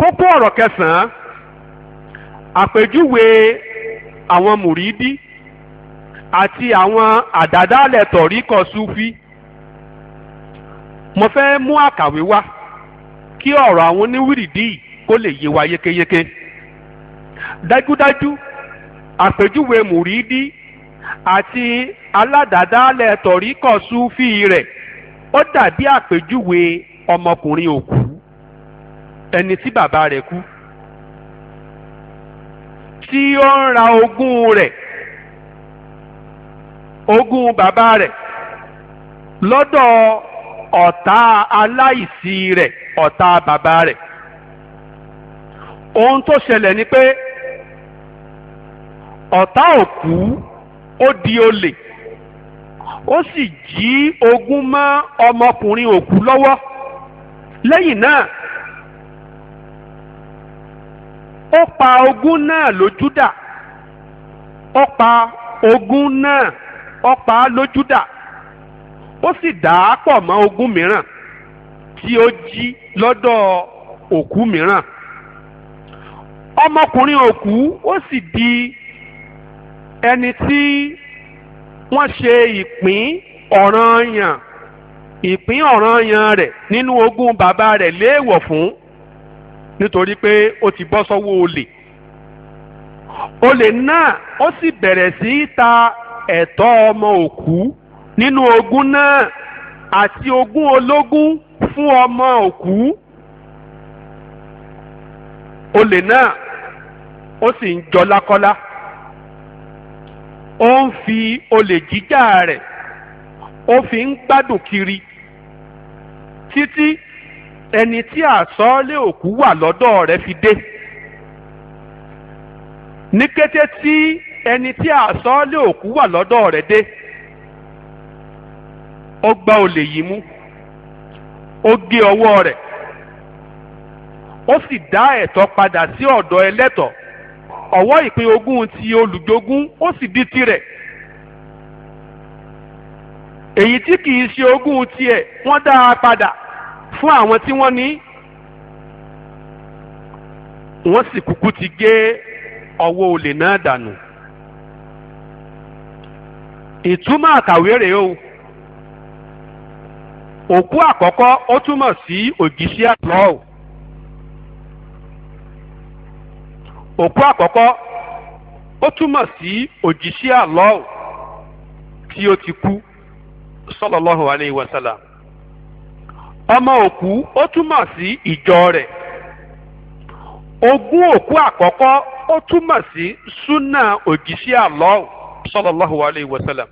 kókó ọ̀rọ̀ kẹsàn-án àpèjúwe àwọn mùrídí àti àwọn àdádálẹ̀ tọ̀ríkọ̀ súfí mo fẹ́ mú àkàwé wá kí ọ̀rọ̀ àwọn oníwìrìdí kó lè yé wa yékéyéké dájúdájú àpèjúwe mùrídí àti aládàádálẹ̀ tọ̀ríkọ̀ súfí rẹ̀ ó dàbí àpèjúwe ọmọkùnrin òkú ẹni tí bàbá rẹ̀ kú tí ó ń ra ogún rẹ̀ ogún bàbá rẹ̀ lọ́dọ̀ ọ̀tá aláìsí rẹ̀ ọ̀tá bàbá rẹ̀ ohun tó ṣẹlẹ̀ ni pé ọ̀tá òkú ó di olè ó sì jí ogún mọ́ ọmọkùnrin òkú lọ́wọ́ lẹ́yìn náà ó pa ogún náà lójú dà ó pa ogún náà ó pa á lójú dà ó sì dà á pọ̀ mọ́ ogún mìíràn tí ó jí lọ́dọ̀ òkú mìíràn ọmọkùnrin òkú ó sì di ẹni tí wọ́n ṣe ìpín ọ̀ranyàn ìpín ọ̀ranyàn rẹ̀ nínú ogún bàbá rẹ̀ léèwọ̀ fún nítorí pé ó ti bọ́ sọ́wọ́ olè olè náà ó sì bẹ̀rẹ̀ sí í ta ẹ̀tọ́ ọmọ òkú nínú ogún náà àti ogún ológun fún ọmọ òkú olè náà ó sì ń jọ lákọ́lá ó ń fi olè jíjà rẹ̀ ó fi ń gbádùn kiri títí ẹni tí àsọ́ọ́lẹ̀ òkú wà lọ́dọ̀ rẹ̀ fi dé ní kété tí ẹni tí àsọ́ọ́lẹ̀ òkú wà lọ́dọ̀ rẹ̀ dé ó gba olè yìí mú ó gé ọwọ́ rẹ̀ ó sì dá ẹ̀tọ́ padà sí ọ̀dọ̀ ẹlẹ́tọ̀ọ́ ọwọ́ ìpín ogún ti olùjogún ó sì di tirẹ̀ èyí tí kì í ṣe ogún tiẹ̀ wọ́n dá a padà. fún àwọn tí wọ́n ní wọ́n sì kúkú ti gé ọwọ́ olè náà dànù ìtumọ̀ àkàwé rèé o òkú àkọ́kọ́ ó túmọ̀ sí òjíṣẹ́ àlọ́ọ̀ òkú àkọ́kọ́ ó túmọ̀ sí òjíṣẹ́ àlọ́ọ̀ tí ó ti kú sallallahu alayhi wa ọmọ òkú ó túmọ̀ sí ìjọ rẹ̀ ogún òkú àkọ́kọ́ ó túmọ̀ sí súnà òjíṣẹ́ Allah sallallahu alayhi wa sallam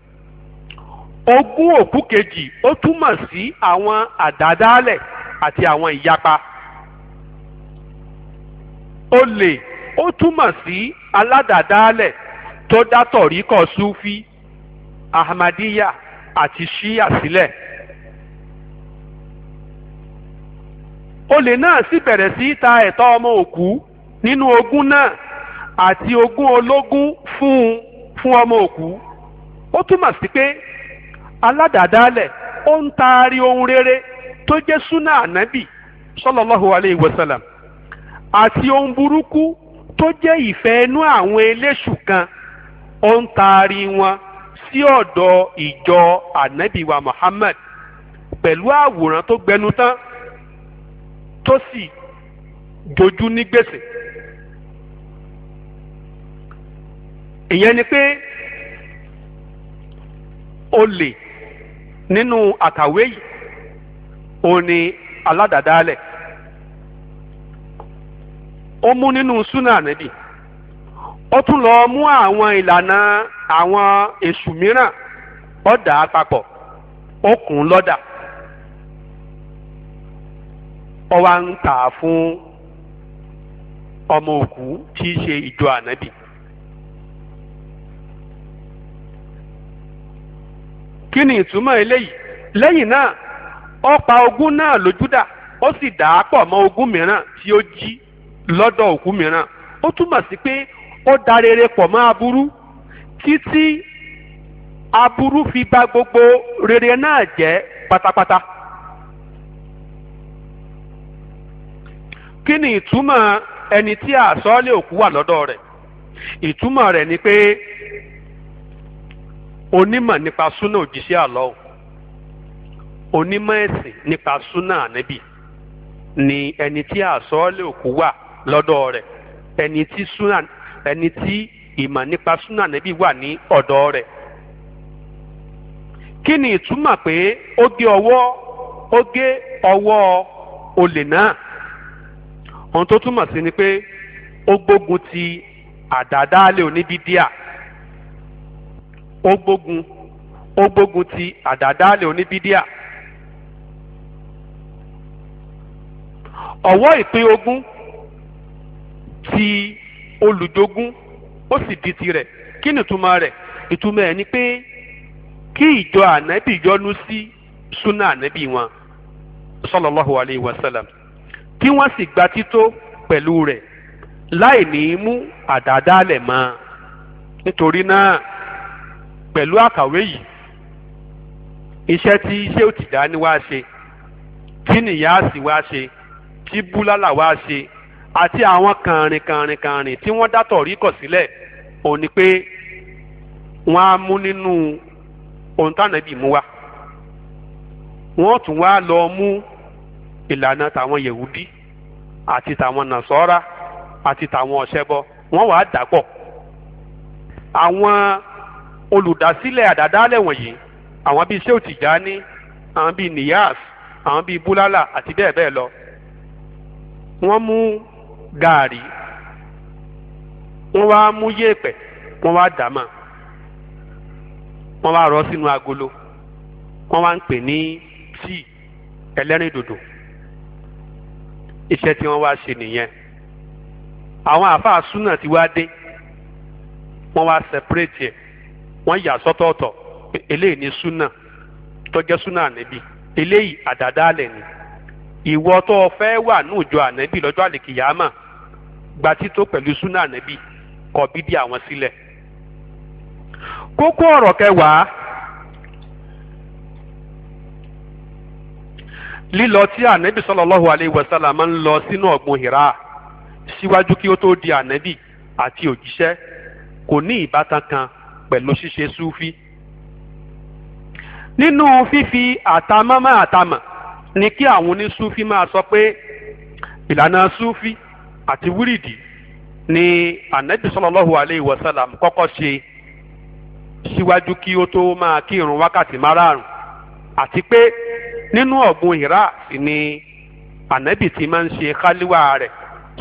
ogún òkú kejì ó túmọ̀ sí àwọn àdádálẹ̀ àti àwọn ìyapa olè ó túmọ̀ sí aládàdálẹ̀ tó dátọ̀rí kọ́ sufi ahmadiyya àti shia sílẹ̀. Si olè náà sì bẹ̀rẹ̀ sí ta ẹ̀tọ́ ọmọ òkú nínú ogún náà àti ogún ológun fún fún ọmọ òkú ó túmọ̀ sí pé aládàádálẹ̀ ó ń taari ohun rere tó jẹ́ súnà ànábì sọlọ́láhu aleyhi wa ati àti ohun burúkú tó jẹ́ ìfẹ́ inú àwọn eléṣù kan ó ń taari wọn sí ọ̀dọ̀ ìjọ ànábì wa Muhammad pẹ̀lú àwòrán tó gbẹnu tán tó sì dojú ní gbèsè ìyẹn ni pé olè nínú àkàwé yìí òun ni aládàdálẹ̀ o mú nínú súnà níbi o tún lọ mú àwọn ìlànà àwọn èṣù mìíràn ọ̀dà àpapọ̀ ó lọ́dà. ọwa wá ń á fún ọmọ òkú tí í ṣe ìjọ ànábì. kí ni ìtumọ̀ eléyìí lẹ́yìn náà ó pa ogún náà lójú dà ó sì dà á pọ̀ mọ́ ogún mìíràn tí ó jí lọ́dọ̀ òkú mìíràn ó túmọ̀ sí pé ó da rere pọ̀ mọ́ aburú títí aburú fi bà gbogbo rere náà jẹ́ pátápátá. kí ni ìtumọ̀ ẹni tí àsọ́ọ́lẹ̀ òkú wà lọ́dọ̀ rẹ̀ ìtumọ̀ rẹ̀ ni pé onímọ̀ nípa súnà ni ẹni tí àsọ́ọ́lẹ̀ òkú wà lọ́dọ̀ rẹ̀ ẹni tí súnà ẹni tí ìmọ̀ nípa súnà wà ní ọ̀dọ̀ rẹ̀ kí ni ìtumọ̀ ohun tó túmọ̀ sí ni pé ó gbógun ti àdádálẹ̀ oníbídíà ó gbógun ó gbógun ti àdádálẹ̀ oníbídíà ọ̀wọ́ ìpín ogún ti olùjogún ó sì di tirẹ̀ kí ni ìtumọ̀ rẹ̀ ìtumọ̀ ẹ̀ ni pé kí ìjọ ànábì yọ́nú sí súnà ànábì wọn sallallahu alayhi wa kí wọ́n sì gba tító pẹ̀lú rẹ̀ láì ní í mú àdádálẹ̀ mọ́ nítorí náà pẹ̀lú àkàwé yìí iṣẹ́ tí iṣẹ́ òtìdá ni wá ṣe tí nìyáàsì wá ṣe tí búlálà wá ṣe àti àwọn kànrin kànrin kànrin tí wọ́n dátọ̀ rí kọ̀ sílẹ̀ òun ni pé wọ́n á mú nínú ohun tánàbì mú wá wọ́n tún wá lọ mú ìlànà tàwọn yehudi àti tàwọn nasọ́ra àti tàwọn ọ̀ṣẹ́bọ wọ́n wàá dàpọ̀ àwọn olùdásílẹ̀ àdádálẹ̀ wọ̀nyí àwọn bíi Shehu Tijani àwọn bíi Niyas àwọn bíi bulala àti bẹ́ẹ̀ bẹ́ẹ̀ lọ wọ́n mú gàárì wọ́n wá mú yéèpẹ̀ wọ́n wá dàmà wọ́n wá rọ sínú agolo wọ́n wá ń pè ní tíì ẹlẹ́rìndòdò iṣẹ́ tí wọ́n wá ṣe nìyẹn àwọn àáfàá súnà ti wá dé wọ́n wá sẹpẹrẹtì ẹ wọ́n yà sọ́tọ̀ọ̀tọ̀ eléyìí ni súnà tọjẹ súnà ànẹbí eléyìí àdàdálẹ̀ ni ìwọ tó o fẹ́ wà ní ìjọ ànẹbí lọ́jọ́ àlèkìyàmà gba tító pẹ̀lú súnà ànẹbí kọ bídí àwọn sílẹ̀ kókó ọ̀rọ̀ kẹwàá. lílọ tí ànábì sallallahu alayhi wa sallam máa ń lọ sínú ọ̀gbun hira síwájú kí ó tó di ànábì àti òjíṣẹ́ kò ní ìbátan kan pẹ̀lú ṣíṣe súfí. nínú fífi àtàmọ́mọ́ àtàmọ̀ ni kí àwọn onísúfí máa sọ pé ìlànà súfí àti wírìdì ni ànábì sallallahu alayhi wa sallam kọ́kọ́ ṣe síwájú kí ó tó máa kírun wákàtí márààrún àti pé nínú ọ̀gbun hira ni ànábì ti máa ń ṣe káliwa rẹ̀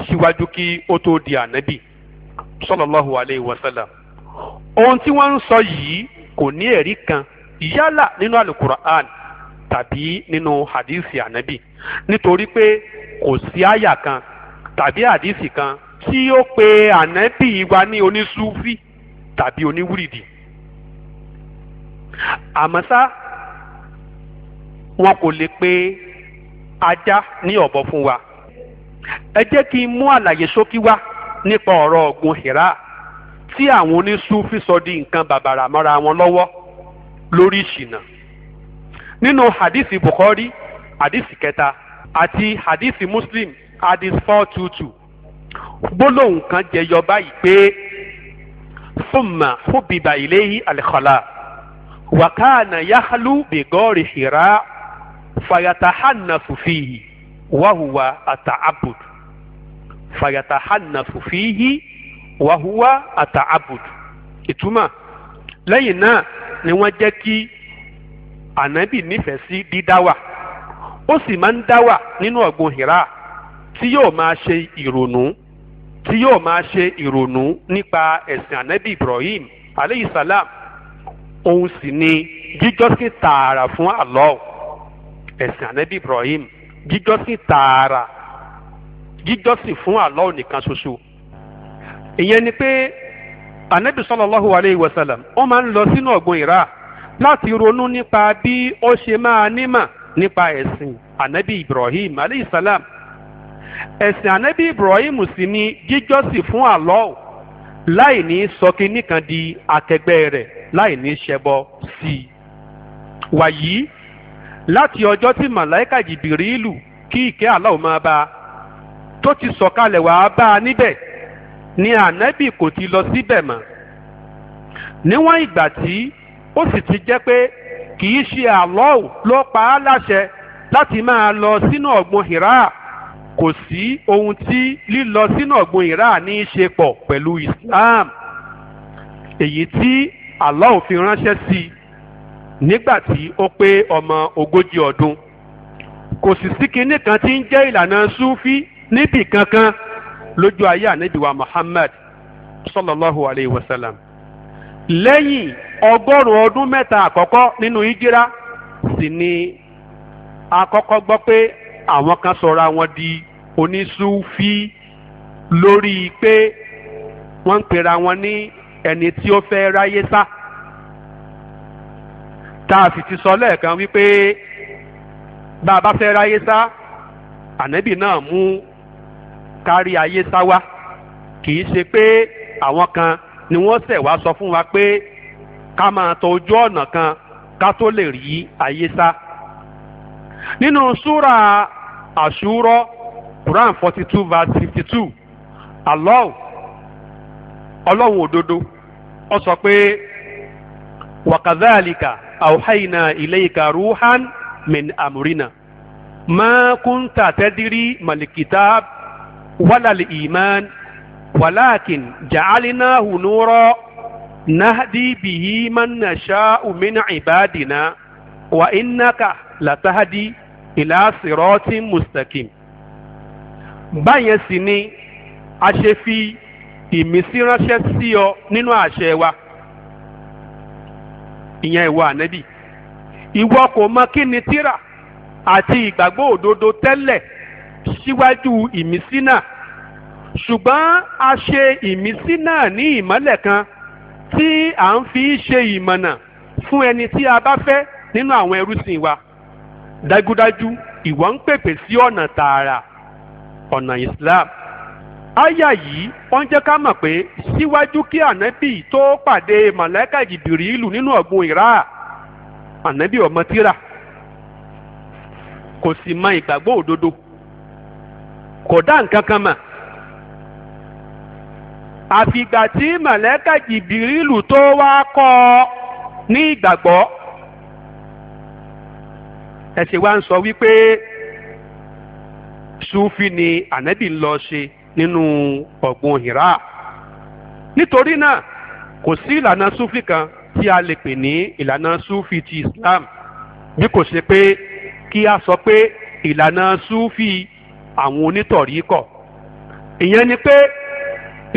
síwájú kí ó tó di ànábì sallallahu alayhi wa sallam ohun tí wọ́n ń sọ yìí kò ní ẹ̀rí kan yálà nínú alukur'an tàbí nínú hadisi ànábì nítorí pé kò sí àyà kan tàbí hadisi kan tí ó pe ànábì wa ní onísúfì tàbí oníwúrìdì àmọ́ ṣá wọn kò lè pe ajá ní ọ̀bọ fún wa ẹ jẹ́ kí n mú àlàyé ṣókí wá nípa ọ̀rọ̀ ọ̀gbun hira tí àwọn oníṣúfì sọ di nǹkan bàbàrà mọ́ra wọn lọ́wọ́ lórí ìṣìnà nínú hadithi bukhari hadithi kẹta àti hadithi muslim hadith four two two gbólóhùn kan jẹyọ báyìí pé fúnma fúbìbà ìléyìí àlìkọlá wàkàna yàhálù bìgọ́rì hira fayatahannafu fihi wahuwa ataabud fayatahannafu fihi wahuwa ataabud ìtumọ̀ lẹ́yìn náà ni wọ́n jẹ́ kí ànábì nífẹ̀ẹ́ sí dídáwà ó sì máa ń dáwà nínú ọ̀gbun hira tí yóò máa ṣe ìrònú tí yóò máa ṣe ìrònú nípa ẹ̀sìn ànábì Ibrahim aleyhisalam òun sì ni jíjọ́sìn tààrà fún Allah ẹ̀sìn ànábì Ibrahim jíjọ́sìn tààrà jíjọ́sìn fún Allah nìkan ṣoṣo ìyẹn ni pé ànábì sallallahu alayhi wa sallam ó máa ń lọ sínú ọ̀gbun ìrà láti ronú nípa bí ó ṣe máa nímọ̀ nípa ẹ̀sìn ànábì Ibrahim alayhi salam ẹ̀sìn ànábì Ibrahim sì ni jíjọ́sìn fún Allah láì ní sọkí di akẹgbẹ́ rẹ̀ láì ní ṣẹbọ sí i wàyí láti ọjọ́ tí màláìka jìbìrìlù kí ìkẹ́ aláwọ̀ máa bá a tó ti sọ̀kalẹ̀ wàá bá a níbẹ̀ ni ànábì kò ti lọ síbẹ̀ mọ́ níwọ̀n ìgbà tí ó sì ti jẹ́ pé kì í ṣe àlọ́ọ̀ ló pa á láṣẹ láti máa lọ sínú ọ̀gbun hira kò sí ohun tí lílọ sínú ọ̀gbun hira ní í ṣe pọ̀ pẹ̀lú Islam èyí tí àlọ́ọ̀ fi ránṣẹ́ sí i nígbà tí ó pé ọmọ ogójì ọdún kò sì sí kinní kan tí ń jẹ́ ìlànà súfí níbì kankan lójú ayé ànábìwá Muhammad sallallahu alayhi wa sallam lẹ́yìn ọgọ́rùn-ún ọdún mẹ́ta àkọ́kọ́ nínú ìjírá sì ni àkọ́kọ́ gbọ́ pé àwọn kan sọra wọn di onísúfí lórí pé wọ́n ń pera wọn ní ẹni tí ó fẹ́ ráyé sá tá a sì ti sọ lẹ́ẹ̀kan wípé bá a bá fẹ́ ráyé sá ànábì náà mú kárí ayé sá wá kì í ṣe pé àwọn kan ni wọ́n ṣẹ̀ wá sọ fún wa pé ká máa tọ ojú ọ̀nà kan ká tó lè rí ayé sá. nínú súra àṣúrọ́ Quran forty two verse fifty two Allah ọlọ́run òdodo ó sọ pé wàkàzáàlìkà. أوحينا إليك روحا من أمرنا ما كنت تدري ما الكتاب ولا الإيمان ولكن جعلناه نورا نهدي به من نشاء من عبادنا وإنك لتهدي إلى صراط مستقيم báyẹn sì أشفي في مسيرة fi نينو أشيوه ìyẹn ìwọ ànábì ìwọ kò mọ kí ni tírà àti ìgbàgbọ́ òdodo tẹ́lẹ̀ síwájú ìmísí náà ṣùgbọ́n a ṣe ìmísí náà ní ìmọ́lẹ̀ kan tí à ń fi ṣe ìmọ̀nà fún ẹni tí a bá fẹ́ nínú àwọn ẹrúsìn wa dájúdájú ìwọ ń pèpè sí ọ̀nà tààrà ọ̀nà Islam. Aya yìí wọ́n jẹ́ ká mọ̀ pé síwájú kí ànábì tó pàdé màláíkà jìbìrìlù nínú ọ̀gbun ìrà ànábì ọmọ tírà kò sì mọ ìgbàgbọ́ òdodo kò dá nǹkan kan mọ̀ àfìgbà tí màláíkà jìbìrìlù tó wá kọ́ ọ ní ìgbàgbọ́ ẹ̀sìn wa ń sọ wípé sùfì ni ànábì ń lọ ṣe. nínú ọ̀gbun Hira nítorí náà kò sí ìlànà Súfì kan tí a lè pè ní ìlànà Súfì ti Islam bí kò ṣe pé kí a sọ pé ìlànà Súfì àwọn onítọ̀rí kọ̀ ìyẹn ni pé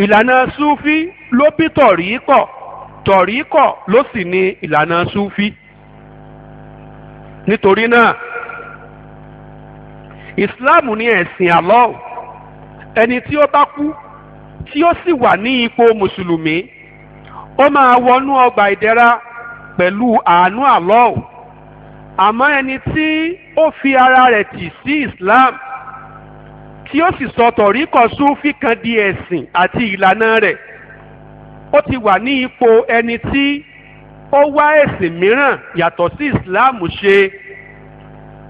ìlànà Súfì ló bí tọ̀rí kọ̀ tọ̀rí kọ̀ ló sì ní ìlànà Súfì nítorí náà Islam ní ẹ̀sìn Allah ẹni tí ó bá kú tí ó sì wà ní ipò mùsùlùmí ó máa wọnú ọgbà ìdẹ̀ra pẹ̀lú àánú Allah àmọ́ ẹni tí ó fi ara rẹ̀ tì sí Islam tí ó sì sọ tọ̀ríkọ̀ súnfì kan di ẹ̀sìn àti ìlànà rẹ̀ ó ti wà ní ipò ẹni tí ó wá ẹ̀sìn mìíràn yàtọ̀ sí Islam ṣe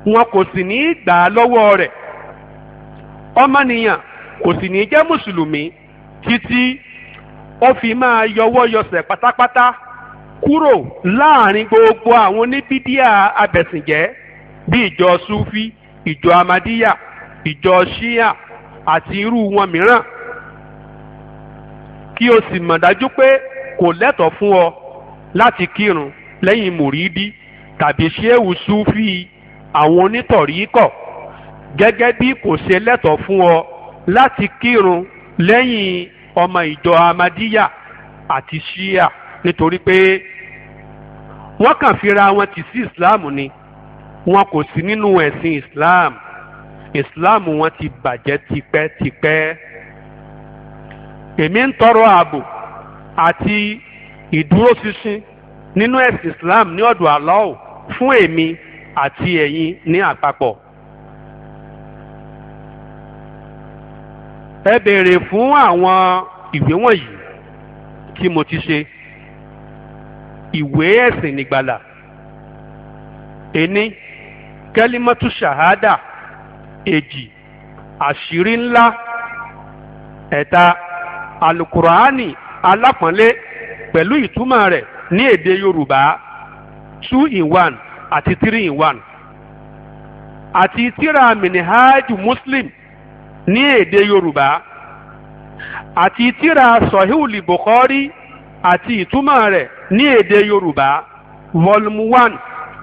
wọn kò sì ní í gbà á lọ́wọ́ rẹ̀ ọmọnìyàn kò sì ní jẹ́ mùsùlùmí títí ó fi máa yọwọ́ yọsẹ̀ pátápátá kúrò láàrin gbogbo àwọn oníbídíà abẹ̀sìnjẹ́ bí ìjọ sufi ìjọ amadíyà ìjọ shia àti irú wọn mìíràn kí o sì mọ̀ dájú pé kò lẹ́tọ̀ọ́ fún ọ láti kírun lẹ́yìn mùrídí tàbí ṣéwù sufi àwọn onítọ̀ríkọ̀ gẹ́gẹ́ bí kò ṣe lẹ́tọ̀ọ́ fún ọ láti kírun lẹ́yìn ọmọ ìjọ amadiya àti shia nítorí pé wọ́n kàn fira wọn ti sí islam ni wọn kò sí nínú ẹ̀sìn islam islam wọn ti bàjẹ́ tipẹ́tipẹ́ èmi ń tọrọ ààbò àti ìdúróṣinṣin nínú ẹ̀sìn islam ní ọ̀dọ̀ Allah fún èmi àti ẹ̀yin ní àpapọ̀. ẹ béèrè fún àwọn ìwé wọ̀nyí tí mo ti ṣe ìwé ẹ̀sìn nìgbàlà ení kẹ́límọ́tù ṣàhádà èjì àṣírí ńlá ẹ̀ta alukuraani alápọ̀nlé pẹ̀lú ìtumọ̀ rẹ̀ ní èdè yorùbá two in one àti three in one àti tíra minihaj muslim ní èdè yorùbá àti tíra sọ̀híùlì bukhari àti ìtumọ̀ rẹ̀ ní èdè yorùbá volume one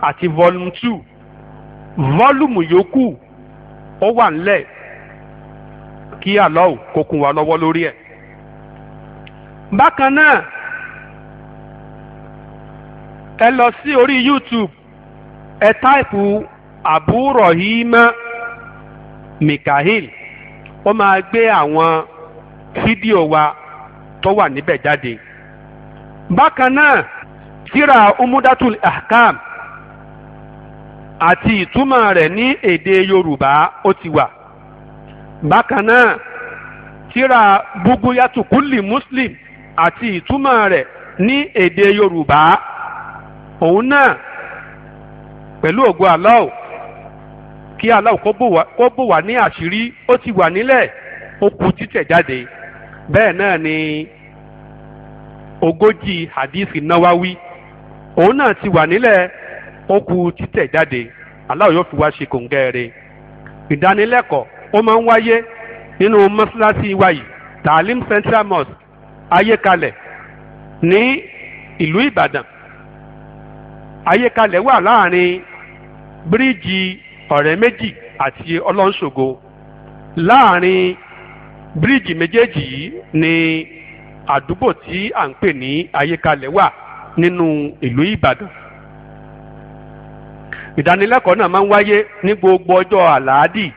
àti volume two volume yòókù ó wà ńlẹ̀ kí àlọ́ọ̀ kó wa lọ́wọ́ lórí ẹ̀. bákan náà ẹ lọ sí orí youtube ẹ táìpù àbúrò yìí mọ́ wọ́n máa gbé àwọn fídíò wa tó wà níbẹ̀ jáde. bákan náà tírà umudatul ahkam àti ìtumọ̀ rẹ̀ ní èdè yorùbá ó ti wà. bákan náà tírà buguyatu muslim àti ìtumọ̀ rẹ̀ ní èdè yorùbá òun náà pẹ̀lú ògo Allah kí aláwọ̀ kó bò wá ní àṣírí ó ti wà nílẹ̀ ó kù bẹ́ẹ̀ náà ni ogójì hadisi nawawi òun náà ti wà nílẹ̀ ó kù títẹ̀ jáde aláwọ̀ yóò fi wá ṣe kòǹgẹ́ ìdánilẹ́kọ̀ọ́ ó máa ń wáyé nínú mọ́ṣáláṣí wa yìí taalim central mosque ayékalẹ̀ ní ìlú ìbàdàn ayékalẹ̀ wà ọ̀rẹ́ méjì àti ọlọ́nṣogo láàrin bíríìjì méjèèjì yìí ni àdúgbò tí à ń pè ní ayékalẹ̀ wà nínú ìlú ìbàdàn ìdánilẹ́kọ̀ọ́ náà máa ń wáyé ní gbogbo ọjọ́ àlàádì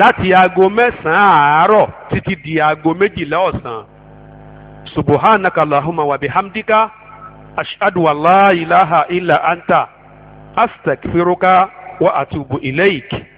láti aago mẹ́sàn-án àárọ̀ títí di aago méjìlá ọ̀sán subuhánaka ashadu wa atubu ilayk.